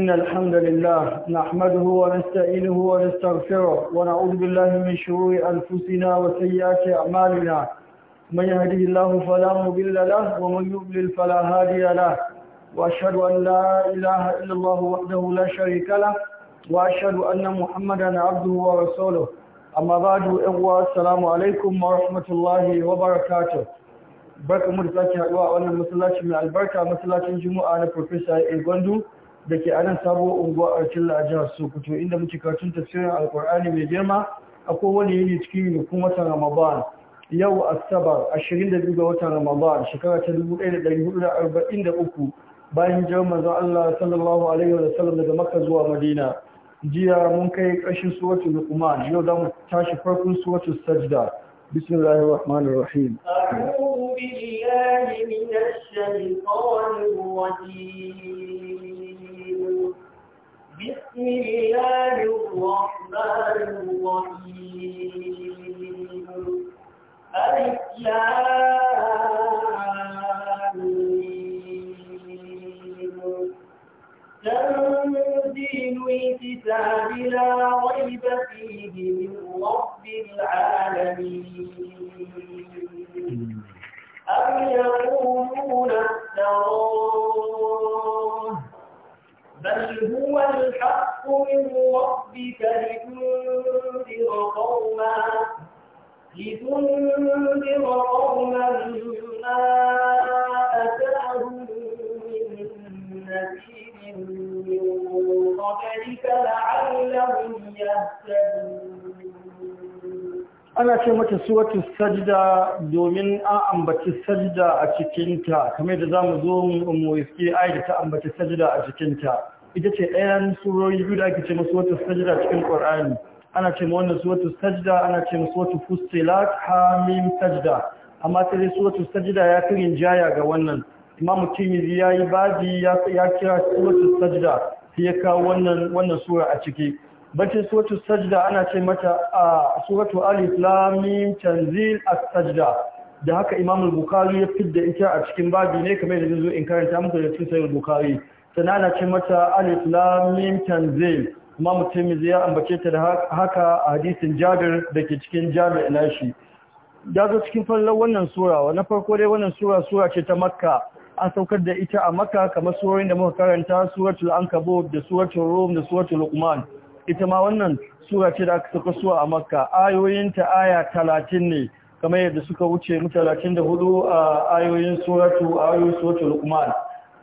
إن الحمد لله نحمده ونستعينه ونستغفره ونعوذ بالله من شرور أنفسنا وسيئات أعمالنا من يهده الله فلا مضل له ومن يضلل فلا هادي له وأشهد أن لا إله إلا الله وحده لا شريك له وأشهد أن محمدا عبده ورسوله أما بعد إخوة السلام عليكم ورحمة الله وبركاته barkamu da sake haɗuwa a wannan masallacin mai albarka masallacin juma'a na Profesa Egondu da ke anan sabuwar unguwa a cilla a jihar sokoto inda muke karatun tafsirin alkur'ani mai girma a kowane yini cikin yinikun watan ramadan yau asabar 22 ga watan ramadan shekara ta 1443 bayan jiran manzon allah sallallahu alaihi wa sallam daga makka zuwa madina jiya mun kai ƙarshen suratul luqman yau za mu tashi farkon suratul sajda بسم الله الرحمن الرحيم أعوذ بالله من الشيطان الرجيم بسم الله الرحمن الرحيم ألف تنزيل الكتاب لا ريب فيه من رب العالمين أم يقولون افتراه بل هو الحق من ربك لتنذر قوما لتنذر قوما ما أتاهم من نذير من قبلك لعلهم يهتدون ana ce mata suwatu sajda domin an ambaci sajda a cikinta kamar da mu zo mu iske ai da ta ambaci sajda a cikinta ita ce ɗayan surori biyu da ake ce masu wata sajda cikin ƙwar'ani ana ce ma wannan suwatu sajda ana ce masu wata fustilat hamim sajda amma sai dai suwatu sajda ya kirin jaya ga wannan Imam ya yayi babi ya kira suwatu sajda sai ya kawo wannan sura a ciki bacin suratu sajda ana ce mata a suratu alif lam mim tanzil as-sajda da haka imam al-bukhari ya fidda ita a cikin babi ne kamar da zo in karanta muku da cikin sahih al-bukhari sannan ana ce mata alif lam mim tanzil kuma mutum ya ambace ta da haka a hadisin jabir da ke cikin jami'a nashi da zo cikin fallan wannan sura na farko dai wannan sura sura ce ta makka an saukar da ita a makka kamar surorin da muka karanta suratul ankabut da suratul rum da suratul luqman ita ma wannan sura ce da aka saka suwa a makka ayoyinta aya talatin ne kamar yadda suka wuce mu talatin da hudu a ayoyin suratu a ayoyin suratu lukman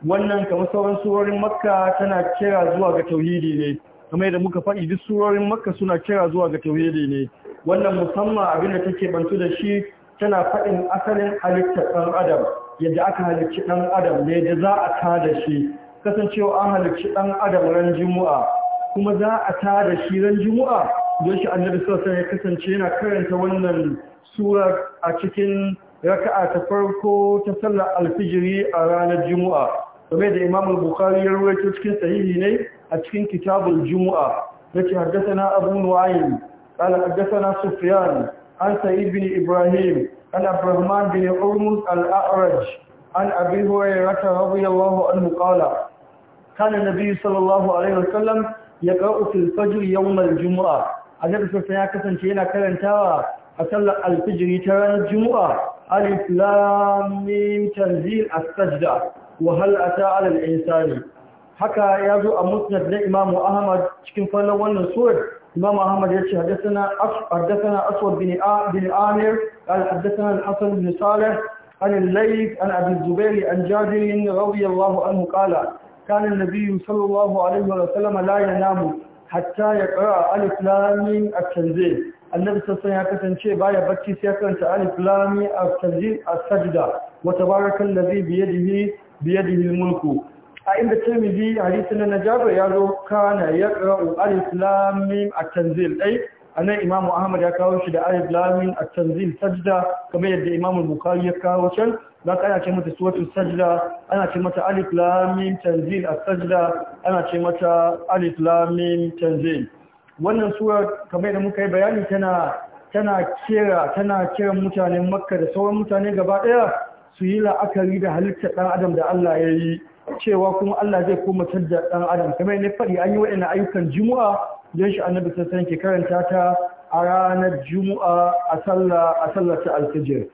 wannan kamar sauran surorin makka tana kira zuwa ga tauhidi ne kamar yadda muka faɗi duk surorin makka suna kira zuwa ga tauhidi ne wannan musamman abin da take bantu da shi tana faɗin asalin halittar ɗan adam yadda aka halicci ɗan adam ne da za a tada shi kasancewa an halicci ɗan adam ran juma'a kuma za a tada shirin Jumu'a. juma'a don shi annabi sallallahu ya kasance yana karanta wannan sura a cikin raka'a ta farko ta sallar alfijiri a ranar Jumu'a. game da imam al-bukhari ya rawaito cikin sahihi ne a cikin kitabul juma'a yace haddathana abu nu'aym qala haddathana sufyan an sa'id bin ibrahim an abdurrahman bin urmus al-a'raj an abi hurairah radiyallahu anhu qala كان النبي صلى الله عليه وسلم ya ƙa'u fil fajr yawmal jumu'a annabi sallallahu ya kasance yana karantawa a sallar alfijiri ta ranar jumu'a alif lam mim tanzil as-sajda wa hal ata 'ala al-insani haka ya zo a musnad na Imam Ahmad cikin fannin wannan surar إمام أحمد يتشي حدثنا حدثنا أسود بن بن عامر قال حدثنا الحسن بن صالح عن الليث عن أبي الزبير عن جابر رضي الله عنه قال كان النبي صلى الله عليه وسلم لا ينام حتى يقرأ ألف لامين التنزيل النبي صلى الله عليه وسلم شيء بايا بكي سيكرا ألف لامين التنزيل السجدة وتبارك الذي بيده بيده الملك عند الترمذي حديثنا نجاب يا كان يقرأ ألف لامين التنزيل أي a nan imamu ahmad ya kawo shi da alif lamin a tanzil sajda kamar yadda imamu bukari ya kawo can za ka ce mata suwatun sajda ana ce mata alif lamin tanzil a sajda ana ce mata alif lamin tanzil wannan sura kamar da muka yi bayani tana tana kira tana kiran mutanen makka da sauran mutane gaba daya su yi la'akari da halittar dan adam da Allah ya yi cewa kuma Allah zai koma tajjar dan adam kamar ne faɗi an yi waɗannan ayyukan jumu'a don shi annabi sassan ke karanta ta a ranar juma'a a sallar ta alfijir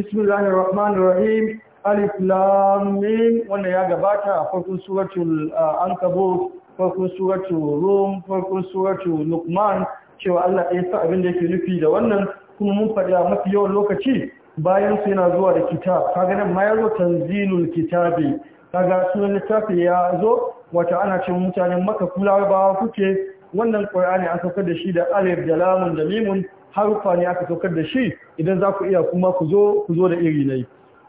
bismillahir rahmanir rahim alif lam mim wanda ya gabata a farkon suratul ankabut farkon suratul rum farkon suratul luqman cewa Allah ya sa abin da yake nufi da wannan kuma mun faɗi a mafi yawan lokaci bayan su yana zuwa da kitab kaga nan ma ya zo tanzilul kitabi kaga sunan littafi ya zo wato ana cin mutanen maka kulawa ba kuke wannan qur'ani an saukar da shi da alif da lamun da limun harufa ne aka saukar da shi idan za ku iya kuma ku zo da iri ne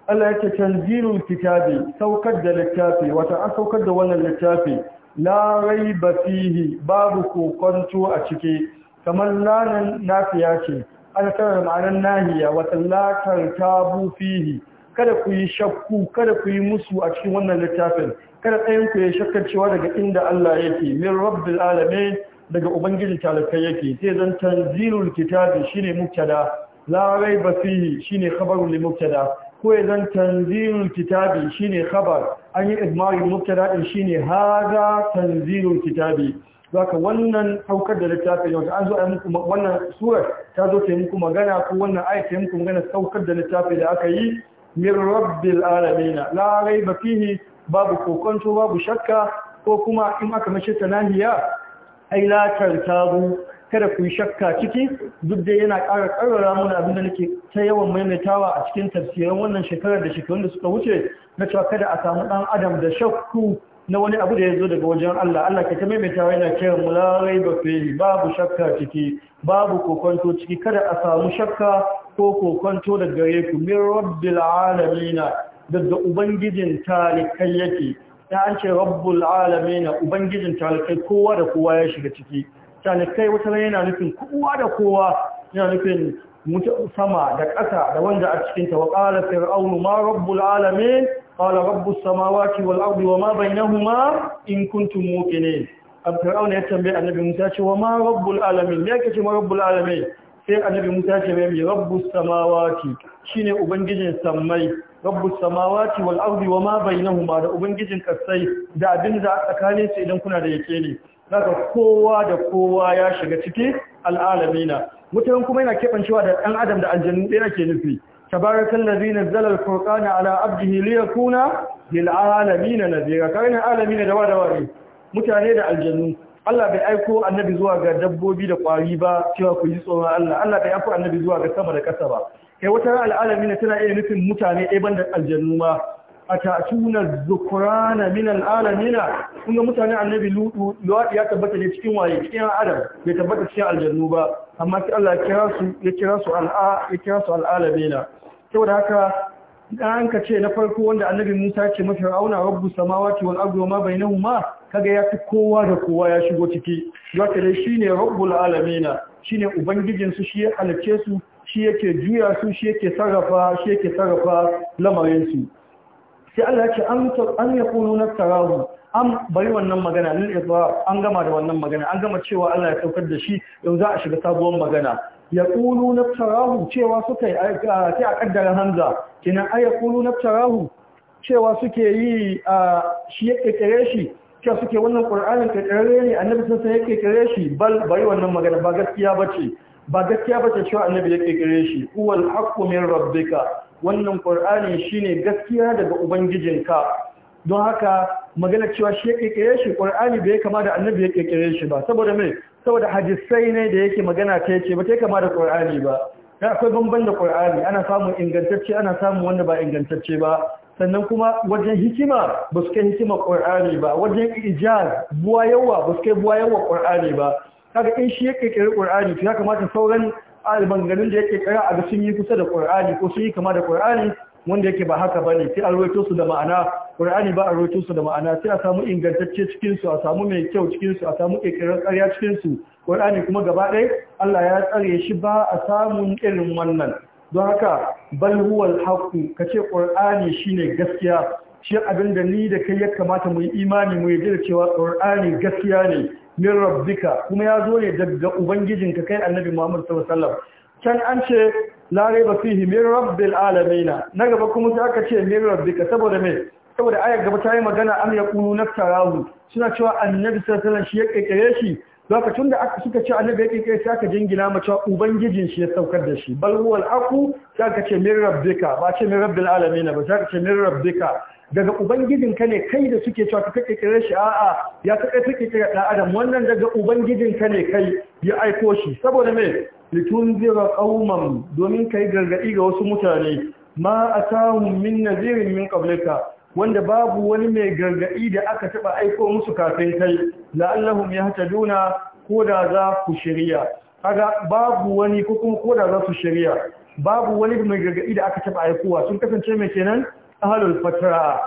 Allah ya ce tanzilul kitabi saukar da littafi wato an saukar da wannan littafi la raiba fihi babu kokonto a ciki kamar lanan nafiya ce an sanar ma'anar nahiya wata latar tabu fihi kada ku yi shakku kada ku yi musu a cikin wannan littafin kada ɗayanku ya shakkar cewa daga inda Allah yake min rabbil alame daga ubangiji talakai yake sai zan tanzilul kitabi shine muktada la raiba fihi shine khabarul mubtada ko ya zan tanzilul kitabi shine khabar an yi idmarul muktada din shine hada tanzilul kitabi zaka wannan haukar da littafin yau an zo a muku wannan surar ta zo ta muku magana ko wannan ayat ta muku magana saukar da littafi da aka yi min rabbil alamin la raiba fihi babu kokonto babu shakka ko kuma in aka mace ta nahiya ai la tartabu kada ku shakka ciki duk da yana ƙara ƙarara mana abin da nake ta yawan maimaitawa a cikin tafsirin wannan shekarar da shekarun da suka wuce na cewa kada a samu ɗan adam da shakku na wani abu da ya zo daga wajen Allah Allah ka ta maimaitawa yana cewa, mu la raiba fihi babu shakka ciki babu kokonto ciki kada a samu shakka ko kokonto daga gare ku min rabbil alamin daga ubangijin talikai yake ta an ce rabbul na ubangijin talikai kowa da kowa ya shiga ciki talikai wata yana nufin kowa da kowa yana nufin sama da ƙasa da wanda a cikin ta wa qala fir'aunu ma rabbul alamin qala rabbus samawati wal ardi wa ma bainahuma in kuntum ne. fir'auna ya tambaye annabi Musa ce wa ma rabbul alame, me yake ce ma rabbul alame? sai annabi Musa ce mai rabbus samawati shine ubangijin sammai rabbu samawati wal ardi wama bainahuma da ubangijin kasai da abin da tsakanin su idan kuna da yake ne daga kowa da kowa ya shiga ciki al'alamina mutum kuma yana kebancewa da ɗan adam da aljannu ɗaya ke nufi tabarakan lazi na al furqana ala abdihi yakuna lil alamina nazira kaina alamina da wada ne mutane da aljannu Allah bai aiko annabi zuwa ga dabbobi da kwari ba cewa ku yi tsoron Allah Allah bai aiko annabi zuwa ga sama da kasa ba ya wata al'alamina tana iya nufin mutane ɗaya da aljannu ma a tatuna zukurana min al'alamina kun ga mutane annabi lutu ya tabbata ne cikin waye cikin adam bai tabbata cikin aljannu ba amma sai Allah ya kira su al'a ya kira haka an ka ce na farko wanda annabi Musa ce mafi rauna rabbu samawati ma bai wama ma? kaga ya fi kowa da kowa ya shigo ciki zaka dai shine rabbul alamin shine ubangijin su shi ya halice su shi yake juya su shi yake sarrafa shi yake sarrafa lamarinsu. sai Allah ya ce an an yakunu nasarahu an bari wannan magana an gama da wannan magana an gama cewa Allah ya saukar da shi yau za a shiga sabuwar magana yaqulu nasarahu cewa suka yi sai a kaddara hamza kina ay yaqulu nasarahu cewa suke yi shi ya kekere shi cewa suke wannan qur'anin kekerere ne annabi sun san ya shi bal bari wannan magana ba gaskiya bace ba gaskiya ba ce cewa annabi ya kirkire shi huwal haqqu min rabbika wannan qur'ani shine gaskiya daga ubangijinka don haka magana cewa shi ya kirkire shi qur'ani bai kama da annabi ya kirkire shi ba saboda me saboda hadisai ne da yake magana ta yace ba ta kama da qur'ani ba da akwai bamban da qur'ani ana samu ingantacce ana samu wanda ba ingantacce ba sannan kuma wajen hikima ba su kai hikima qur'ani ba wajen ijaz buwa yawa ba su kai buwa yawa qur'ani ba kaga in shi ya kirkiri qur'ani to ya kamata sauran alban garin da ya kirkira a ga sun yi kusa da qur'ani ko sun yi kama da qur'ani wanda yake ba haka bane sai a rawaito su da ma'ana qur'ani ba a rawaito su da ma'ana sai a samu ingantacce cikin su a samu mai kyau cikin su a samu kirkirar ƙarya cikin su qur'ani kuma gaba ɗaya Allah ya tsare shi ba a samun irin wannan don haka bal huwal haqqu kace qur'ani shine gaskiya shi abin da ni da kai ya kamata mu yi imani mu yi da cewa qur'ani gaskiya ne min rabbika kuma ya zo ne daga ubangijinka kai annabi Muhammad sallallahu can an ce la raiba fihi min rabbil alamin na gaba kuma sai aka ce min rabbika saboda me saboda aya gaba ta yi magana an ya kunu naftarahu suna cewa annabi sallallahu alaihi wasallam shi ya shi lokacin da aka suka ce annabi ya kekere sai aka jingina mace cewa ubangijin shi ya saukar da shi bal huwal aqu sai aka ce min rabbika ba ce min rabbil alamin ba sai aka ce min rabbika daga ubangijin ka ne kai da suke cewa ka kirkire shi a'a ya ka kai kira da adam wannan daga ubangijinka ne kai ya aiko shi saboda me zira qauman domin kai gargadi ga wasu mutane ma atahu min nazirin min qablika wanda babu wani mai gargadi da aka taba aiko musu kafin kai allahum yahtaduna ko da za ku shari'a kaga babu wani ko kuma ko da za su shari'a babu wani mai gargadi da aka taba aikowa sun kasance mai kenan ahalul fatra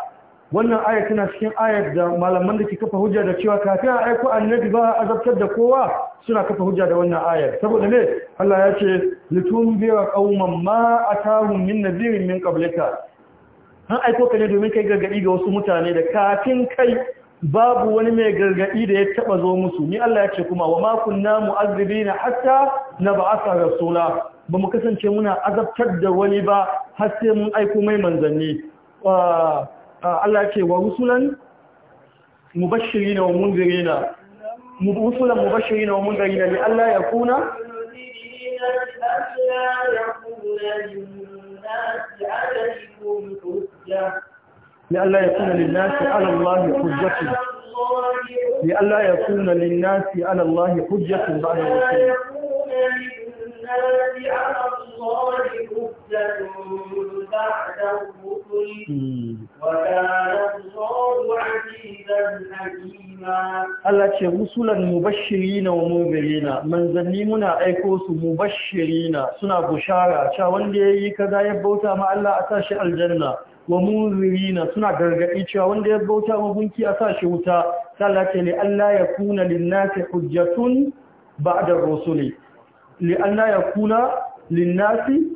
wannan aya tana cikin ayar da malaman da ke kafa hujja da cewa kafin a aiko annabi ba azabtar da kowa suna kafa hujja da wannan ayar saboda ne Allah ya ce litun biwa qauman ma atahum min nadirin min qablika an aiko ka ne domin kai gargadi ga wasu mutane da kafin kai babu wani mai gargadi da ya taba zo musu ni Allah ya ce kuma wa ma kunna mu'azzibina hatta nab'atha rasula ba mu kasance muna azabtar da wani ba har sai mun aiko mai manzanni Allah ce wa rusulan mubashirina wa munzirina rusulan mubashirina wa munzirina li Allah ya kuna لئلا يكون للناس على الله حجة لئلا يكون nasi على الله حجة بعد الرسول الناس على الله حجة بعد الرسل hmm. وكان الله عزيزا حكيما Allah ce rusulan mubashirina wa mubirina manzanni muna aiko su mubashirina suna bushara cewa wanda yayi kaza ya bauta ma Allah a sashi aljanna wa munzirina suna gargadi cewa wanda ya bauta ma gunki a sashi wuta Allah ce li Allah ya kuna lin-nasi hujjatun ba'da rusuli li'anna yakuna linnasi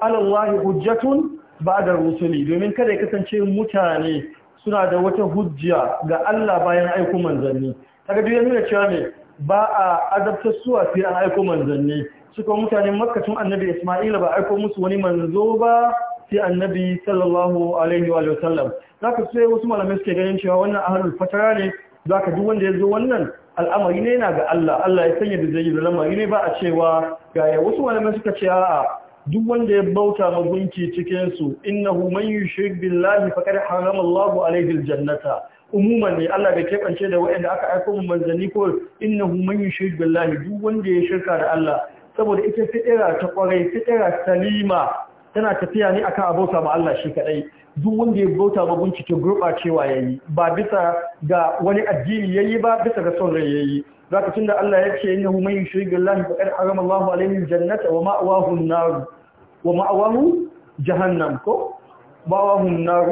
alallahi hujjatun ba'da rusuli domin kada ya kasance mutane suna da wata hujja ga Allah bayan aiko manzanni kaga duk yana cewa ne ba a azabtar suwa sai an aiko manzanni suka mutane makka tun annabi Isma'ila ba aiko musu wani manzo ba sai annabi sallallahu alaihi wa sallam wasu malamai suke ganin cewa wannan ahlul fatara ne zaka duk wanda ya zo wannan al'amari ne yana ga Allah Allah ya sanya da zai yi lamari ne ba a cewa ga ya wasu malamai suka ce a'a duk wanda ya bauta magunki cikin su innahu man yushrik billahi faqad harama Allahu alayhi aljannata umuman ne Allah bai kebance da wanda aka aika mu manzani ko innahu man yushrik billahi duk wanda ya shirka da Allah saboda ita fitira ta kwarai fitira salima tana tafiya ne akan abota ma Allah shi kadai duk wanda ya bauta ma bincike cewa yayi ba bisa ga wani addini yayi ba bisa ga son rai yayi zaka tunda Allah yake innahu man yushrik billahi faqad harama Allahu alayhi aljannata wa ma'wahu an-nar wa ma'wahu jahannam ko ma'wahu an-nar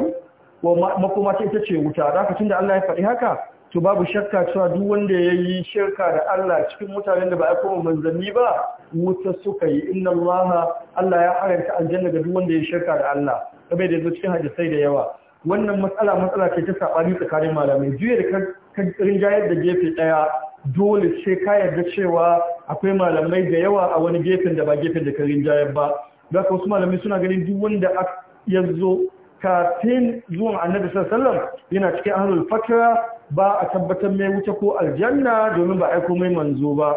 wa makoma ita ce wuta zaka tunda Allah ya faɗi haka to babu shakka cewa duk wanda ya yi shirka da Allah cikin mutanen da ba a koma manzanni ba wuta suka yi inna Allah Allah ya haranta aljanna ga duk wanda ya shirka da Allah kabe da yanzu cikin hadisai da yawa wannan matsala matsala ce ta sabani tsakanin malamai juya da kan rinjayar da gefe daya dole sai ka yarda cewa akwai malamai da yawa a wani gefen da ba gefen da ka rinjayar ba da wasu malamai suna ganin duk wanda ya zo kafin zuwan annabi sallallahu alaihi wasallam yana cikin ahlul fakra ba a tabbatar mai wuce ko aljanna domin ba aiko mai manzo ba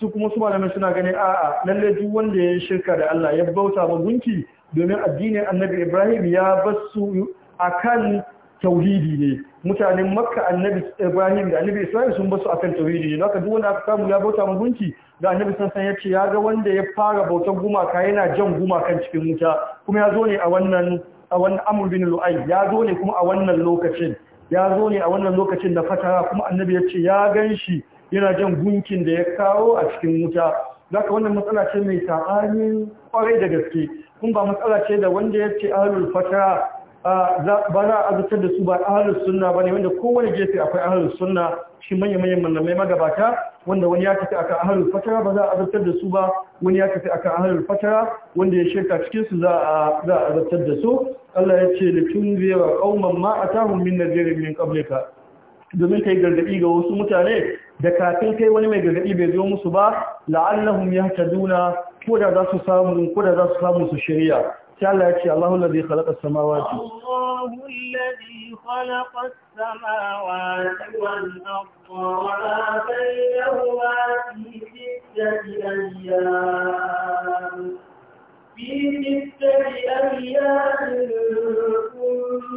su kuma su malamai suna ganin a'a lalle duk wanda ya shirka da Allah ya bauta ma gunki domin addinin Annabi Ibrahim ya basu akan tauhidi ne mutanen Makka Annabi Ibrahim da Annabi Isra'il sun basu akan tauhidi ne haka duk wanda aka samu ya bauta ma gunki da Annabi san ya ce ya ga wanda ya fara bautar gumaka yana jan gumakan cikin wuta kuma ya zo ne a wannan a wannan Amr bin Lu'ay ya zo ne kuma a wannan lokacin ya zo ne a wannan lokacin da fatara kuma annabi ya ce ya gan shi yana jan gunkin da ya kawo a cikin wuta zaka wannan matsala ce mai ta'anin kwarai da gaske kun ba matsala ce da wanda ya ce ahlul fatara ba za a azutar da su ba suna sunna ne wanda kowane gefe akwai ahlus sunna shi manya manyan mallamai magabata wanda wani ya tafi akan ahlul fatara ba za a azabtar da su ba wani ya tafi akan ahlul fatara wanda ya shirka cikin su za a zartar da su Allah ya ce litunzira qauman ma atahum min nadhirin min qablika domin kai gargadi ga wasu mutane da kafin kai wani mai gargadi bai zo musu ba la'allahum yahtaduna ko da za ko da za su samu su shari'a تعالى يكشي الله الذي خلق السماوات الله الذي خلق السماوات والأرض وما بينهما في ستة أيام في ستة أيام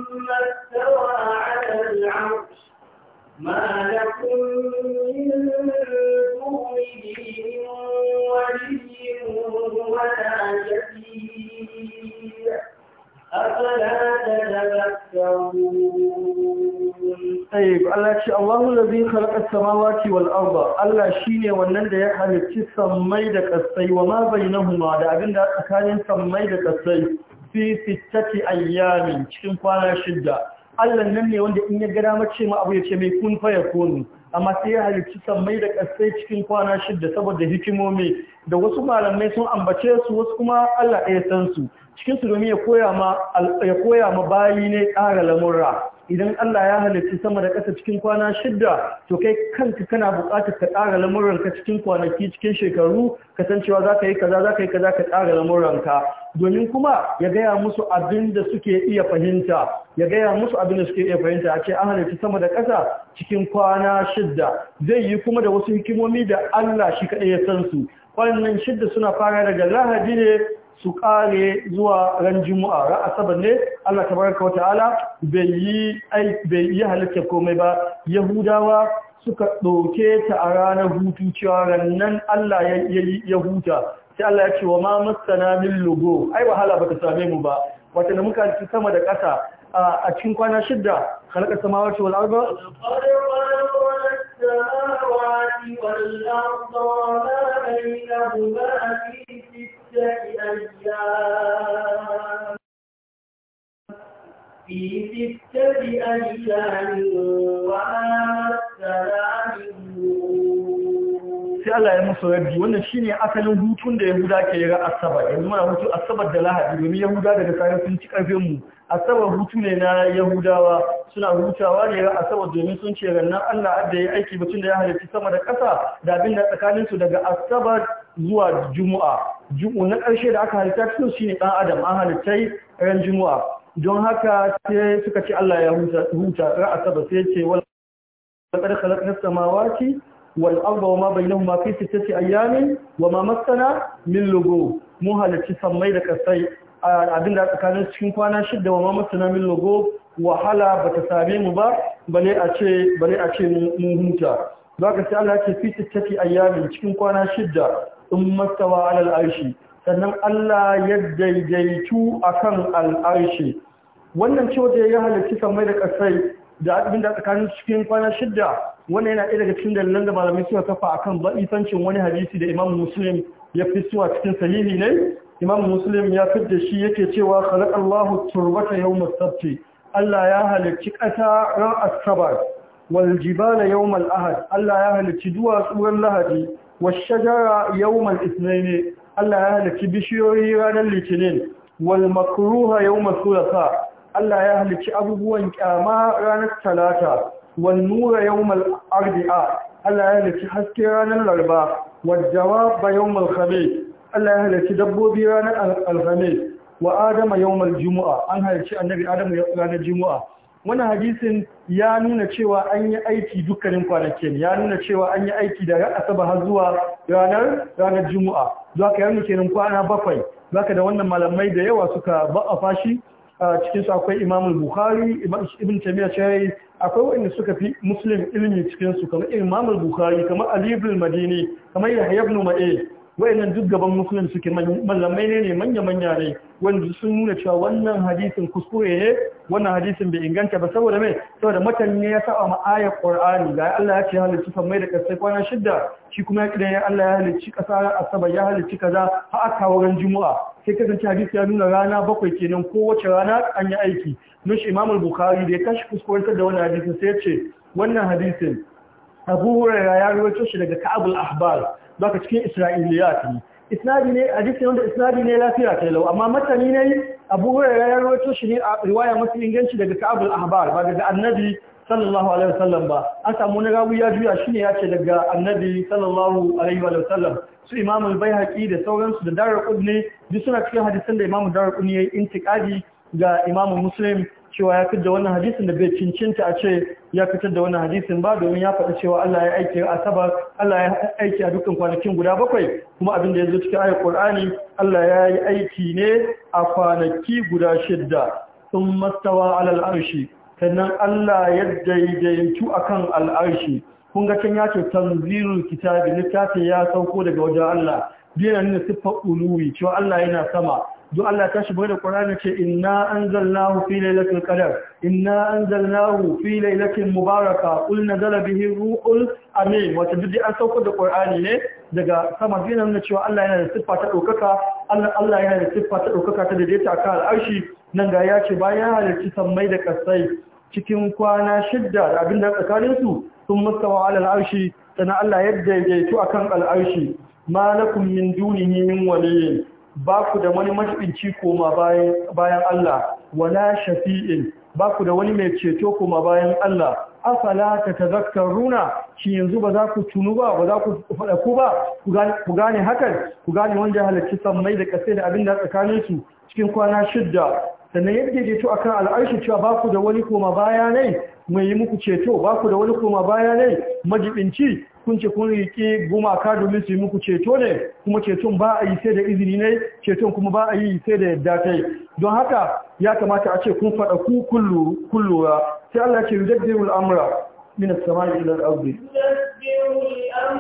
ثم استوى على العرش ما لكم من دونه من ولي ولا شفيع طيب الله شيء الله الذي خلق السماوات والأرض الله شيني wannan da ya halicci sammai da kasai wa ma bainahuma da abinda tsakanin sammai da kasai fi sittati ayyamin cikin kwana shida Allah nan ne wanda in ya ga dama ce ma abu ya ce mai kun fa yakunu amma sai ya halicci sammai da kasai cikin kwana shida saboda hikimomi da wasu malamai sun ambace su wasu kuma Allah ɗaya san su cikin su domin ya koya ma ya koya bayi ne ƙara lamurra idan Allah ya halitta sama da ƙasa cikin kwana shidda to kai kanka kana buƙatar ka tsara lamuranka cikin kwanaki cikin shekaru kasancewa za ka yi kaza za ka yi kaza ka tsara lamuranka domin kuma ya gaya musu abin da suke iya fahimta ya gaya musu abin da suke iya fahimta a ce an halarci sama da ƙasa cikin kwana shidda zai yi kuma da wasu hikimomi da Allah shi kaɗai ya san su wannan shidda suna fara daga lahadi ne su kare zuwa ran juma'a ra asabar ne Allah tabaraka wa ta'ala bai yi bai yi komai ba yahudawa suka ɗauke ta a ranar hutu cewa nan Allah ya huta sai Allah ya ce wa ma masana min logo. ai wahala bata same mu ba wata da muka ci sama da ƙasa a cikin kwana shidda khalaqa samawati wal arda والأرض وما بينهما في sai Allah ya musu rabbi wannan shi ne asalin hutun da Yahuda ke yi Asabar yanzu muna hutu Asabar da Lahadi domin Yahuda daga kare sun ci mu Asabar hutu ne na Yahudawa suna hutawa ne ga Asabar domin sun ce rannan Allah adda ya aiki batun da ya halitta sama da ƙasa da abin da tsakaninsu daga Asabar zuwa juma'a na ƙarshe da aka halitta su shi ne ɗan adam an halittai ran juma'a don haka sai suka ci Allah ya huta ra'asa ba sai ce ƙar qad na samawati wal arda ma bainahuma fi sittati wa ma masana min lugu mun halitta sammai da kasai abin da tsakanin cikin kwana shidda ma masana min lugu wahala ta same mu ba bale a bale a ce mun huta za ka sai Allah ce fi tattafi ayyamin cikin kwana shidda in mastawa alal arshi sannan Allah ya daidaitu akan al'ashi. wannan ce da ya halarci samai da kasai da abin da tsakanin cikin kwana shidda wannan yana ɗaya daga cikin dalilan da malamai suka kafa akan ba'isancin wani hadisi da Imam Muslim ya fi suwa cikin sahihi ne Imam Muslim ya fi da shi yake cewa khalaqallahu turbata yawm as-sabt Allah ya halarci ƙasa ran asabar wal jibala yawmal ahad Allah ya halicci duwatsu ran lahadi wash shajara yawmal ithnain Allah ya halicci bishiyoyi ranar litinin Walmakruha makruha yawmal thulatha Allah ya halicci abubuwan kyama ranar talata Walnura nura yawmal arbi'a Allah ya halicci haske ranar larba wal jawaba yawmal khamis Allah ya halicci dabbobi ranar alhamis wa adama yawmal jumu'a an halicci annabi adamu ranar jumu'a wani hadisin ya nuna cewa an yi aiki dukkanin kwanakin ya nuna cewa an yi aiki da daga asaba har zuwa ranar ranar juma'a za ka yarnu kenan kwana bakwai za ka da wannan malamai da yawa suka ba'a fashi? a cikin su akwai imamul bukhari ibn tamiya shayi akwai wanda suka fi muslim ilmi cikin su kamar imamul bukhari kamar ali ibn madini kamar yahya ibn ma'e wayannan duk gaban musulun suke mallamai ne ne manya-manya ne wanda sun nuna cewa wannan hadisin kuskure ne wannan hadisin bai inganta ba saboda mai saboda matanne ya saba ma'ayar qur'ani ga Allah ya ce halicci sammai da kasai kwana shidda shi kuma ya kidan Allah ya halicci kasa Asabar ya halicci kaza har aka wurin juma'a sai kasance hadisi ya nuna rana bakwai kenan kowace rana an yi aiki shi imam bukhari da ya kashi ta da wannan hadisin sai ya ce wannan hadisin abu hurairah ya rawaito shi daga ka'abul ahbar zaka cikin isra'iliyat ne isnadi ne jikin wanda isnadi ne lafiya ta lau amma matani ne abu hurairah ya rawaito shi ne a riwaya masu inganci daga ka'abul ahbar ba daga annabi sallallahu alaihi wasallam ba an samu wani rawi ya juya shine ya ce daga annabi sallallahu alaihi wasallam su imam al-baihaqi da sauransu da darar qudni duk suna cikin hadisin da imam darar qudni ya yi intiqadi ga imam muslim cewa ya fitar da wannan hadisin da bai cincinta a ce ya fitar da wannan hadisin ba domin ya faɗi cewa Allah ya aiki a sabar Allah ya aiki a dukkan kwanakin guda bakwai kuma abin da ya zo cikin ayar Qur'ani Allah ya yi aiki ne a kwanaki guda shidda sun mastawa alal sannan Allah ya daidaitu akan al'arshi kun ga can ya ce tanzilul kitabi littafi ya sauko daga wajen Allah biyan nuna siffar uluwi cewa Allah yana sama duk Allah ta shigo da Qur'ani ce inna anzalnahu fi lailatul qadar inna anzalnahu fi lailatin mubaraka qul nazala bihi ruhul amin Wace duk an sauko da Qur'ani ne daga sama dina nuna cewa Allah yana da siffa ta daukaka Allah Allah yana da siffa ta daukaka ta daidaita akan al'arshi nan ga ya ce bayan halarci sammai da kasai cikin kwana shidda da abin da tsakanin su sun mustawa alal arshi sana Allah yadda ya daidaito akan al'arshi malakum min dunihi min waliyyin ba ku da wani majibinci koma bayan Allah wala shafi'in ba ku da wani mai ceto koma bayan Allah afala ta runa? shi yanzu ba za ku tunu ba ba za ku fada ku ba ku gane hakan ku gane wanda halarci sammai da kase da abin da tsakanin su cikin kwana shidda sannan yadda ya to akan al'arshi cewa ba ku da wani koma baya ne mai yi muku ceto ba ku da wani koma baya ne majibinci kun ce kun riƙe gumaka domin su yi muku ceto ne kuma ceton ba a yi sai da izini ne ceton kuma ba a yi sai da yadda ta yi don haka ya kamata a ce kun faɗa ku kullura sai Allah ce rujar da min as-sama'i ila al-ardi yudabbiru al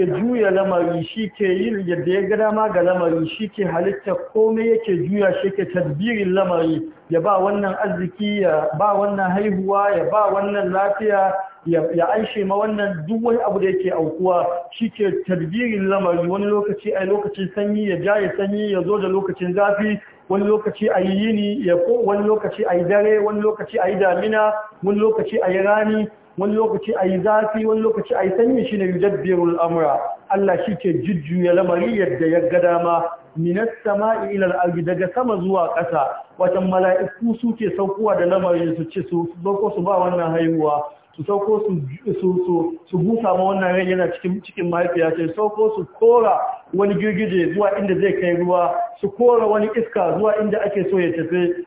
yake juya lamari shi ke yin yadda ya gada ma ga lamari shi ke halitta komai yake juya shi ke tadbirin lamari ya ba wannan arziki ya ba wannan haihuwa ya ba wannan lafiya ya aishe ma wannan duk wani abu da yake aukuwa shi ke tadbirin lamari wani lokaci a lokacin sanyi ya ja ya sanyi ya zo da lokacin zafi wani lokaci a yini ya ko wani lokaci a dare wani lokaci a damina wani lokaci a rani wani lokaci a yi zafi wani lokaci a yi sanyi shi ne yudabbirul amra Allah shi ke jujjuya lamari yadda ya ga dama minas sama ilal arzi daga sama zuwa ƙasa Wata mala'iku suke saukuwa da lamarin su ce su su ba wannan haihuwa su sauko su busa ma wannan rai yana cikin mahaifiya ce sauko su kora wani girgije zuwa inda zai kai ruwa su kora wani iska zuwa inda ake so ya tafi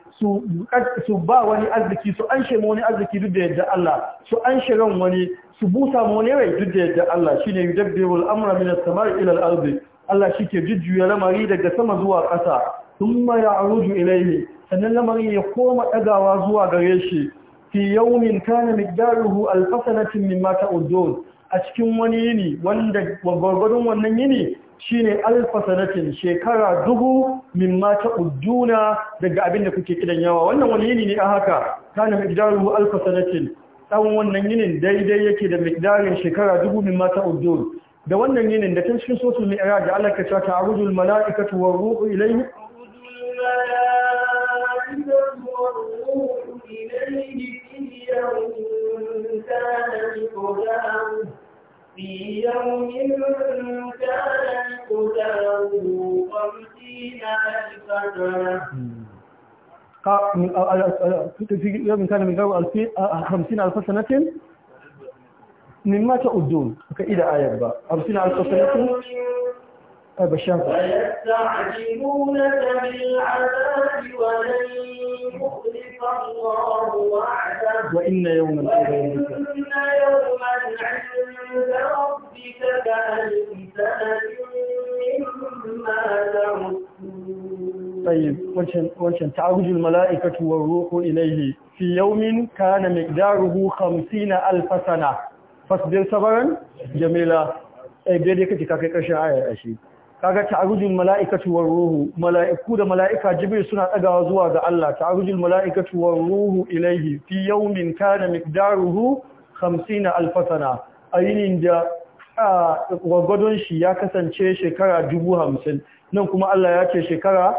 su ba wani arziki su an shema wani arziki duk da yadda Allah su an wani su busa ma wani rai duk da yadda Allah shine yudabbirul amra min as-sama'i ila al-ardi Allah shike jujjuya lamari daga sama zuwa ƙasa thumma ya'ruju ilayhi sannan lamarin ya koma ɗagawa zuwa gare shi fi yawmin kana miqdaruhu alfasanatin mimma ta'udun a cikin wani yini wanda gwargwadon wannan yini shine alfasanatin sanatin shekara dubu mimma ta'uduna daga abin da kuke kidan yawa wannan wani yini ne a haka kana miqdaruhu alfasanatin dan wannan yinin daidai yake da miqdarin shekara dubu mimma ta'udun da wannan yinin da tun cikin sosul mi'raj Allah ka a ta'arujul mala'ikatu war ruhu ilayhi كان مقداره في يوم كان مقداره خمسين ألف سنة في يوم كان مقداره خمسين ألف سنة مما تعدون كإذا آية بقى خمسين ألف سنة طيب ويستعجلونك بالعذاب ولن يخلف الله وعده وإن يوما وإن يوما عند ربك كألف سنة مما تعدون طيب وانشان تعرج الملائكة والروح إليه في يوم كان مقداره خمسين ألف سنة فاصبر صبرا جميلا اي بيديك تكاكي كاكي أشي kaga ta'arujul mala'ikatu war ruhu mala'iku da mala'ika jibril suna tsagawa zuwa ga Allah ta'arujul mala'ikatu war ruhu ilayhi fi yawmin kana miqdaruhu 50 alf sana ayinin da gwagwadon shi ya kasance shekara dubu hamsin nan kuma Allah ya ce shekara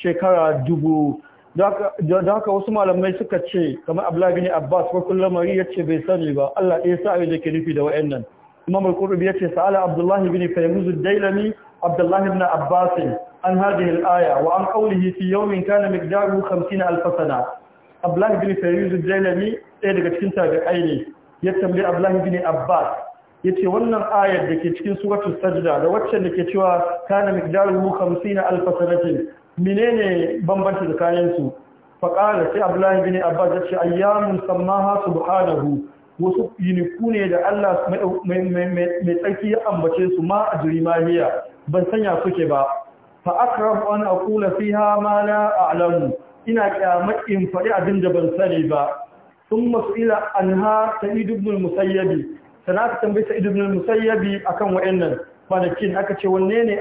shekara dubu da haka wasu malamai suka ce kamar ablabi ne abbas farkon lamari ya ce bai sani ba Allah ɗaya sa'ari da ke nufi da wa'annan imam al-qurbi ya ce sa'ala abdullahi bin fayyuzu dailami عبد الله بن عباس عن هذه الآية وعن قوله في يوم كان مقداره خمسين ألف سنة عبد الله بن فيروز الجيلمي ɗaya daga cikin tabi'ai ya tambayi Abdullahi bin Abbas yace wannan ayar da ke cikin suratul sajda da waccan da ke cewa kana miqdaruhu 50 alf sanatin menene bambanci tsakanin su faqala sai Abdullahi bin Abbas yace ayyamun sammaha subhanahu wasu yiniku ne da Allah mai tsarki ya ambace su ma ajrimahiya ban sanya suke ba fa akram an aqula fiha ma la a'lamu ina kyamar in faɗi abin da ban sani ba sun masila anha sa'id ibn al-musayyib sana ta tambayi sa'id ibn al-musayyib akan wa'annan kwanakin aka ce wanne ne